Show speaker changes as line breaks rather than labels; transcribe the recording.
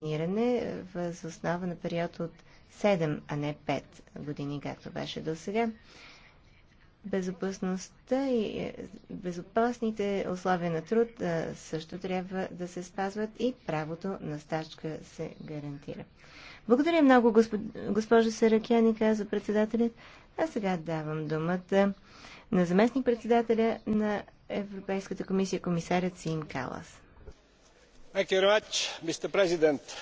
планиране е, въз основа на период от 7, а не 5 години, както беше до сега. Безопасността и е, безопасните условия на труд е, също трябва да се спазват и правото на стачка се гарантира. Благодаря много, госп... госпожо Саракяни, каза председателят. А сега давам думата на заместник председателя на Европейската комисия, комисарят Сим Калас
mr president